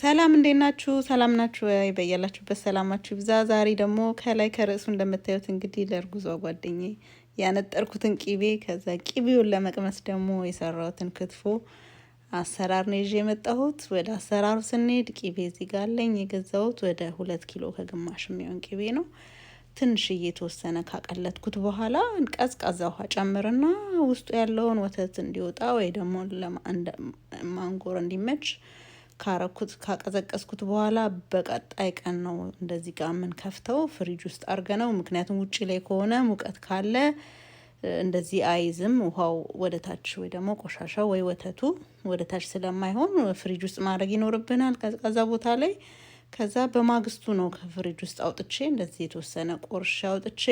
ሰላም እንዴት ናችሁ? ሰላም ናችሁ? በያላችሁበት ሰላማችሁ ብዛ። ዛሬ ደግሞ ከላይ ከርዕሱ እንደምታዩት እንግዲህ ለእርጉዟ ጓደኛዬ ያነጠርኩትን ቂቤ ከዛ ቂቤውን ለመቅመስ ደግሞ የሰራሁትን ክትፎ አሰራር ነው ይዤ የመጣሁት። ወደ አሰራሩ ስንሄድ ቂቤ እዚህ ጋር አለኝ የገዛሁት ወደ ሁለት ኪሎ ከግማሽ የሚሆን ቂቤ ነው። ትንሽ እየተወሰነ ካቀለጥኩት በኋላ ቀዝቃዛ ውሃ ጨምርና ውስጡ ያለውን ወተት እንዲወጣ ወይ ደግሞ ማንጎር እንዲመች ካረኩት ካቀዘቀዝኩት በኋላ በቀጣይ ቀን ነው እንደዚህ ጋር ከፍተው ፍሪጅ ውስጥ አርገ ነው። ምክንያቱም ውጭ ላይ ከሆነ ሙቀት ካለ እንደዚህ አይዝም ውሃው ወደ ታች ወይ ደግሞ ቆሻሻው ወይ ወተቱ ወደ ታች ስለማይሆን ፍሪጅ ውስጥ ማድረግ ይኖርብናል ቀዝቃዛ ቦታ ላይ። ከዛ በማግስቱ ነው ከፍሪጅ ውስጥ አውጥቼ እንደዚህ የተወሰነ ቆርሼ አውጥቼ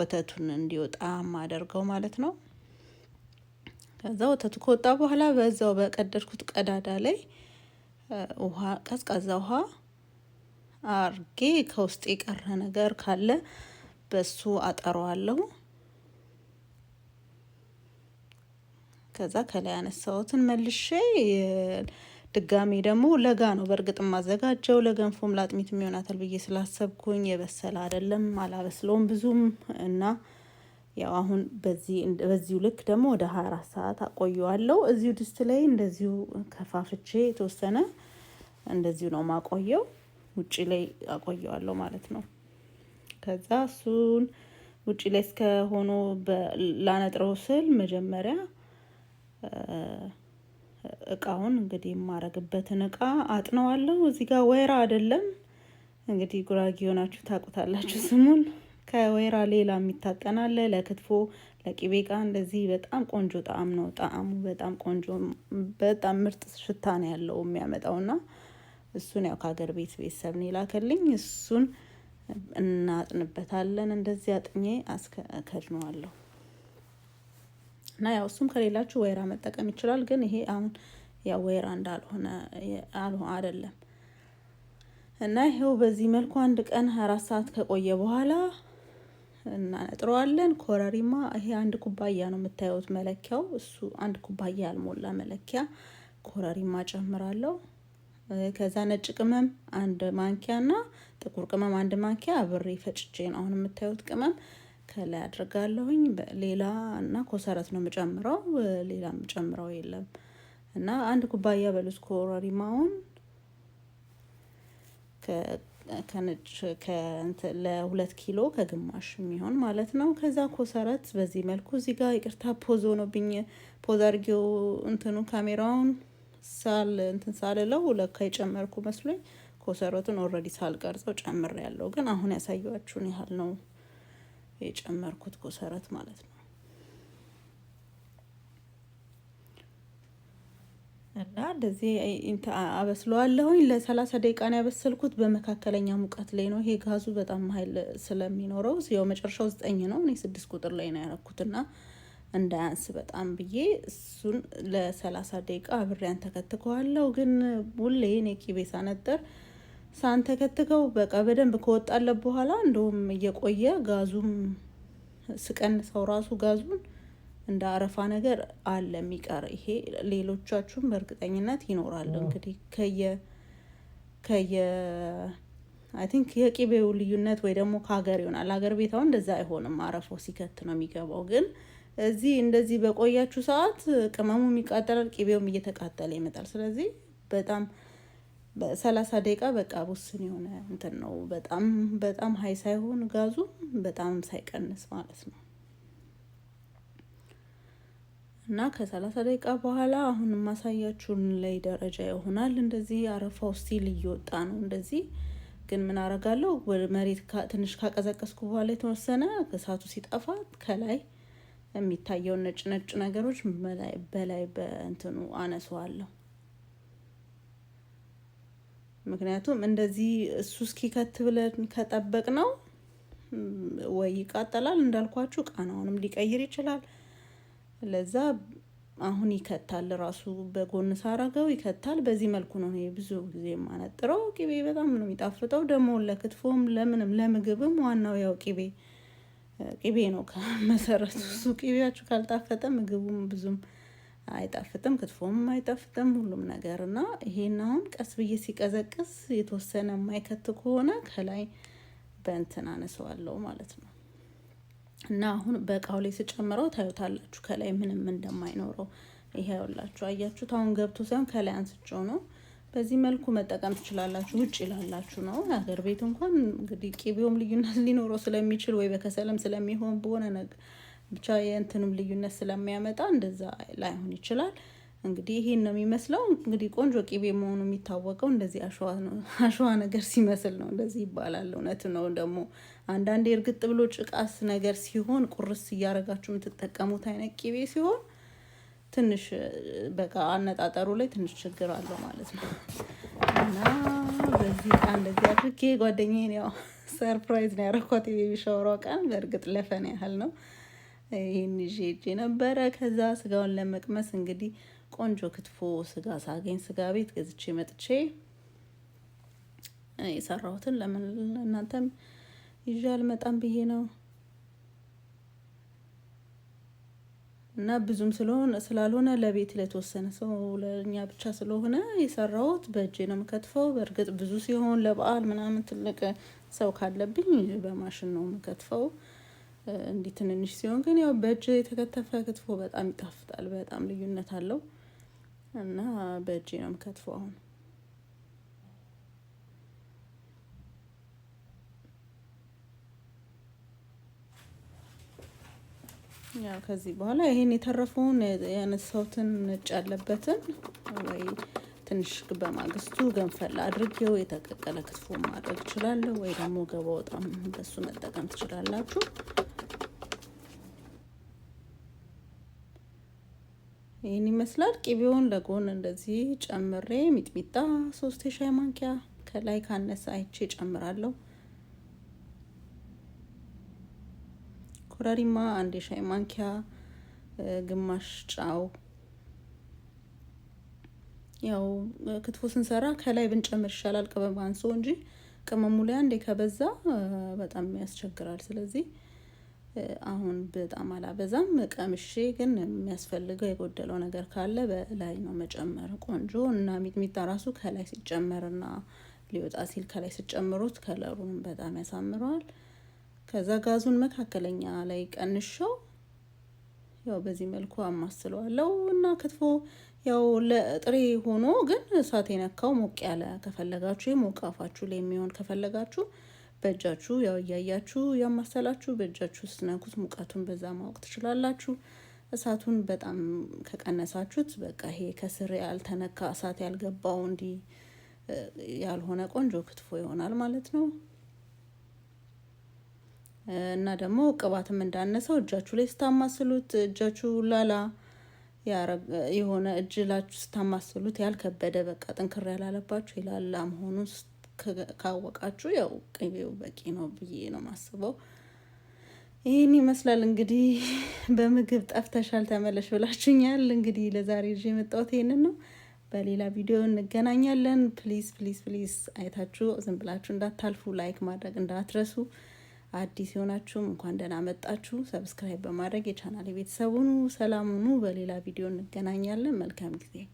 ወተቱን እንዲወጣ ማደርገው ማለት ነው። ከዛ ወተቱ ከወጣ በኋላ በዛው በቀደድኩት ቀዳዳ ላይ ውሃ ቀዝቃዛ ውሃ አርጌ ከውስጥ የቀረ ነገር ካለ በሱ አጠረዋለሁ። ከዛ ከላይ ያነሳሁትን መልሼ ድጋሜ ደግሞ ለጋ ነው በእርግጥ ማዘጋጀው ለገንፎም ለአጥሚት የሚሆናታል ብዬ ስላሰብኩኝ የበሰለ አይደለም አላበስለውም ብዙም እና ያው አሁን በዚሁ ልክ ደግሞ ወደ 24 ሰዓት አቆየዋለሁ። እዚሁ ድስት ላይ እንደዚሁ ከፋፍቼ የተወሰነ እንደዚሁ ነው ማቆየው፣ ውጭ ላይ አቆየዋለሁ ማለት ነው። ከዛ እሱን ውጭ ላይ እስከሆኖ ላነጥረው ስል መጀመሪያ እቃውን እንግዲህ የማረግበትን እቃ አጥነዋለሁ። እዚህ ጋር ወይራ አይደለም እንግዲህ ጉራጌ የሆናችሁ ታውቁታላችሁ ስሙን ከወይራ ሌላ የሚታጠን አለ ለክትፎ ለቂቤ ቃ እንደዚህ በጣም ቆንጆ ጣዕም ነው። ጣዕሙ በጣም ቆንጆ በጣም ምርጥ ሽታ ነው ያለው ና እሱን ያው ከሀገር ቤት ቤተሰብ ነው የላከልኝ። እሱን እናጥንበታለን። እንደዚህ አጥኜ አስከድነዋለሁ እና ያው እሱም ከሌላችሁ ወይራ መጠቀም ይችላል። ግን ይሄ አሁን ያው ወይራ እንዳልሆነ አይደለም እና ይኸው በዚህ መልኩ አንድ ቀን አራት ሰዓት ከቆየ በኋላ እናጥረዋለን። ኮረሪማ ይሄ አንድ ኩባያ ነው የምታዩት መለኪያው። እሱ አንድ ኩባያ ያልሞላ መለኪያ ኮረሪማ ጨምራለሁ። ከዛ ነጭ ቅመም አንድ ማንኪያ እና ጥቁር ቅመም አንድ ማንኪያ አብሬ ፈጭቼ ነው አሁን የምታዩት ቅመም ከላይ አድርጋለሁኝ። ሌላ እና ኮሰረት ነው የምጨምረው፣ ሌላ የምጨምረው የለም እና አንድ ኩባያ በሉት ኮረሪማውን ከነጭ ለሁለት ኪሎ ከግማሽ የሚሆን ማለት ነው። ከዛ ኮሰረት በዚህ መልኩ እዚህ ጋር ይቅርታ ፖዝ ሆኖብኝ ፖዝ አድርጌው እንትኑ ካሜራውን ሳል እንትን ሳልለው ለካ የጨመርኩ መስሎኝ ኮሰረቱን ኦልሬዲ ሳልቀርጸው ጨምር ያለው ግን አሁን ያሳያችሁን ያህል ነው የጨመርኩት ኮሰረት ማለት ነው። እና እንደዚህ አበስለዋለሁኝ ለሰላሳ ደቂቃ ነው ያበሰልኩት። በመካከለኛ ሙቀት ላይ ነው። ይሄ ጋዙ በጣም ሀይል ስለሚኖረው ያው መጨረሻው ዘጠኝ ነው። እኔ ስድስት ቁጥር ላይ ነው ያረኩትና እንዳያንስ በጣም ብዬ እሱን ለሰላሳ ደቂቃ አብሬያን ተከትከዋለሁ። ግን ሁሌ እኔ ቂቤ ሳነጠር ሳን ተከትከው በቃ በደንብ ከወጣለት በኋላ እንደውም እየቆየ ጋዙም ስቀንሰው ራሱ ጋዙን እንደ አረፋ ነገር አለ የሚቀር ይሄ ሌሎቻችሁም በእርግጠኝነት ይኖራል። እንግዲህ ከየ ከየ አይ ቲንክ ልዩነት ወይ ደግሞ ከሀገር ይሆናል። ሀገር ቤታው እንደዛ አይሆንም፣ አረፋው ሲከት ነው የሚገባው። ግን እዚህ እንደዚህ በቆያችሁ ሰዓት ቅመሙም ይቃጠላል፣ ቂቤውም እየተቃጠለ ይመጣል። ስለዚህ በጣም ሰላሳ ደቂቃ በቃ ውስን የሆነ እንትን ነው። በጣም በጣም ሀይ ሳይሆን ጋዙ በጣም ሳይቀንስ ማለት ነው። እና ከሰላሳ ደቂቃ በኋላ አሁን ማሳያችሁን ላይ ደረጃ ይሆናል። እንደዚህ አረፋው ስቲል እየወጣ ነው። እንደዚህ ግን ምን አረጋለሁ መሬት ትንሽ ካቀዘቀስኩ በኋላ የተወሰነ እሳቱ ሲጠፋ ከላይ የሚታየውን ነጭ ነጭ ነገሮች በላይ በእንትኑ አነሰዋለሁ። ምክንያቱም እንደዚህ እሱ እስኪከት ብለን ከጠበቅ ነው ወይ ይቃጠላል እንዳልኳችሁ፣ ቃናውንም ሊቀይር ይችላል ለዛ አሁን ይከታል ራሱ በጎን ሳረገው ይከታል። በዚህ መልኩ ነው ይሄ ብዙ ጊዜ የማነጥረው። ቂቤ በጣም ነው የሚጣፍጠው። ደግሞ ለክትፎም ለምንም ለምግብም ዋናው ያው ቂቤ ቂቤ ነው ከመሰረቱ። እሱ ቂቤያችሁ ካልጣፈጠ ምግቡም ብዙም አይጣፍጥም፣ ክትፎም አይጣፍጥም ሁሉም ነገር እና ይሄን አሁን ቀስ ብዬ ሲቀዘቅዝ የተወሰነ የማይከት ከሆነ ከላይ በእንትን አነሰዋለው ማለት ነው። እና አሁን በእቃው ላይ ስጨምረው ታዩታላችሁ ከላይ ምንም እንደማይኖረው ይሄውላችሁ አያችሁት። አሁን ገብቶ ሳይሆን ከላይ አንስጮ ነው። በዚህ መልኩ መጠቀም ትችላላችሁ። ውጭ ላላችሁ ነው። ሀገር ቤት እንኳን እንግዲህ ቂቤውም ልዩነት ሊኖረው ስለሚችል ወይ በከሰልም ስለሚሆን በሆነ ብቻ የእንትንም ልዩነት ስለሚያመጣ እንደዛ ላይሆን ይችላል። እንግዲህ ይሄን ነው የሚመስለው። እንግዲህ ቆንጆ ቂቤ መሆኑ የሚታወቀው እንደዚህ አሸዋ ነገር ሲመስል ነው። እንደዚህ ይባላል። እውነት ነው። ደግሞ አንዳንዴ እርግጥ ብሎ ጭቃስ ነገር ሲሆን ቁርስ እያደረጋችሁ የምትጠቀሙት አይነት ቂቤ ሲሆን ትንሽ በቃ አነጣጠሩ ላይ ትንሽ ችግር አለው ማለት ነው። እና በዚህ ቃ እንደዚህ አድርጌ ጓደኛዬን ያው ሰርፕራይዝ ነው ያረኳት። የቤቢ ሻወሯ ቀን በእርግጥ ለፈን ያህል ነው። ይህን ይዤ ነበረ። ከዛ ስጋውን ለመቅመስ እንግዲህ ቆንጆ ክትፎ ስጋ ሳገኝ ስጋ ቤት ገዝቼ መጥቼ የሰራሁትን ለምን እናንተም ይዤ አልመጣም ብዬ ነው እና ብዙም ስለሆነ ስላልሆነ ለቤት ለተወሰነ ሰው ለእኛ ብቻ ስለሆነ የሰራሁት በእጄ ነው የምከትፈው። በእርግጥ ብዙ ሲሆን ለበዓል ምናምን ትልቅ ሰው ካለብኝ በማሽን ነው የምከትፈው። እንዲህ ትንንሽ ሲሆን ግን ያው በእጅ የተከተፈ ክትፎ በጣም ይጣፍጣል። በጣም ልዩነት አለው። እና በእጄ ነው የምከትፈው አሁን ያው ከዚህ በኋላ ይሄን የተረፈውን ያነሳሁትን ነጭ ያለበትን ወይ ትንሽ በማግስቱ ገንፈል አድርጌው የተቀቀለ ክትፎ ማድረግ እችላለሁ፣ ወይ ደግሞ ገባ ወጣም በሱ መጠቀም ትችላላችሁ። ይህን ይመስላል። ቂቤውን ለጎን እንደዚህ ጨምሬ ሚጥሚጣ ሶስት የሻይ ማንኪያ ከላይ ካነሰ አይቼ ጨምራለሁ። ኮረሪማ አንድ የሻይ ማንኪያ፣ ግማሽ ጫው። ያው ክትፎ ስንሰራ ከላይ ብንጨምር ይሻላል ቅመም አንሶ እንጂ ቅመሙ ላይ አንዴ ከበዛ በጣም ያስቸግራል። ስለዚህ አሁን በጣም አላበዛም። ቀምሼ ግን የሚያስፈልገው የጎደለው ነገር ካለ በላይ ነው መጨመር ቆንጆ እና ሚጥሚጣ ራሱ ከላይ ሲጨመርና ሊወጣ ሲል ከላይ ስጨምሩት ከለሩን በጣም ያሳምረዋል። ከዛ ጋዙን መካከለኛ ላይ ቀንሸው ያው በዚህ መልኩ አማስለዋለው እና ክትፎ ያው ለጥሬ ሆኖ ግን እሳት የነካው ሞቅ ያለ ከፈለጋችሁ ሞቅ አፋችሁ ላይ የሚሆን ከፈለጋችሁ በእጃችሁ ያው እያያችሁ ያማሰላችሁ በእጃችሁ ስነኩት ሙቀቱን በዛ ማወቅ ትችላላችሁ። እሳቱን በጣም ከቀነሳችሁት በቃ ይሄ ከስር ያልተነካ እሳት ያልገባው እንዲህ ያልሆነ ቆንጆ ክትፎ ይሆናል ማለት ነው። እና ደግሞ ቅባትም እንዳነሰው እጃችሁ ላይ ስታማስሉት እጃችሁ ላላ የሆነ እጅላችሁ ስታማስሉት ያልከበደ በቃ ጥንክር ያላለባችሁ የላላ መሆኑን ካወቃችሁ ያው ቅቤው በቂ ነው ብዬ ነው ማስበው። ይህን ይመስላል እንግዲህ። በምግብ ጠፍተሻል ተመለሽ ብላችሁኛል። እንግዲህ ለዛሬ ይዤ የመጣሁት ይሄንን ነው። በሌላ ቪዲዮ እንገናኛለን። ፕሊዝ ፕሊዝ ፕሊዝ አይታችሁ ዝም ብላችሁ እንዳታልፉ፣ ላይክ ማድረግ እንዳትረሱ። አዲስ የሆናችሁም እንኳን ደህና መጣችሁ። ሰብስክራይብ በማድረግ የቻናል ቤተሰቡኑ ሰላሙኑ። በሌላ ቪዲዮ እንገናኛለን። መልካም ጊዜ